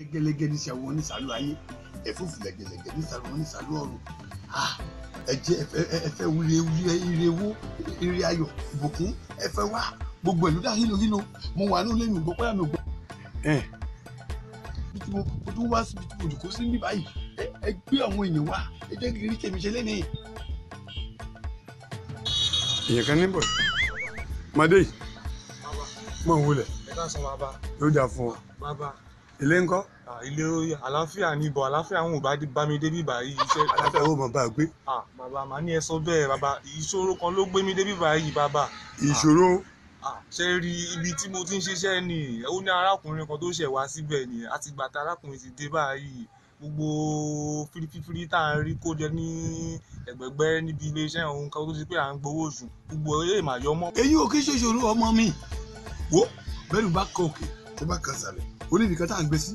gẹgẹlẹgẹ ní sàlù onísàlù ayé ẹfúfù lẹgẹlẹgẹ ní sàlù onísàlù ọ̀run ẹjẹ ẹfẹ wúre wúre ire wó ire ayọ̀ ìbùkún ẹfẹ wá gbogbo ìlú dá hílò hílò mo wà nínú lẹ́yìn ògbọ pẹlú àmì ògbọ. bí tí mo tún wá síbi tí mo jòkó sí ní báyìí ẹ gbé àwọn èèyàn wá ẹ jẹ́ kí n rí tèmi ṣe lẹ́nìí. èèyàn kan ní bọ̀ màdé yìí mọ̀ ń wulẹ̀ yóò dà fún ọ ilé ńkọ́. ilé àlàáfíà ni ibò àlàáfíà ń bá mi débi báyìí iṣẹ́. àlàáfíà wo màá bá a gbé. bàbá màá ní ẹ sọ bẹ́ẹ̀ bàbá ìṣòro kan ló gbé mi débi báyìí bàbá. ìṣòro. ṣe rí ibi tí mo ti ń ṣiṣẹ́ ni ó ní arákùnrin kan tó ṣẹ̀ wá síbẹ̀ ni àtìgbà tá arákùnrin ti dé báyìí gbogbo firifiri tá à rí kó jẹ ní ẹgbẹgbẹ níbi iléeṣẹ́ òun kan tó ti pé à ń gbowó oṣù gbogbo eré màyọmọ. èyí ò kí ṣoṣoro ọmọ mi wo bẹ́ẹ̀ ló bá kọ òkè ẹ má kan sàlẹ̀ oníbìkan tá à ń gbé sí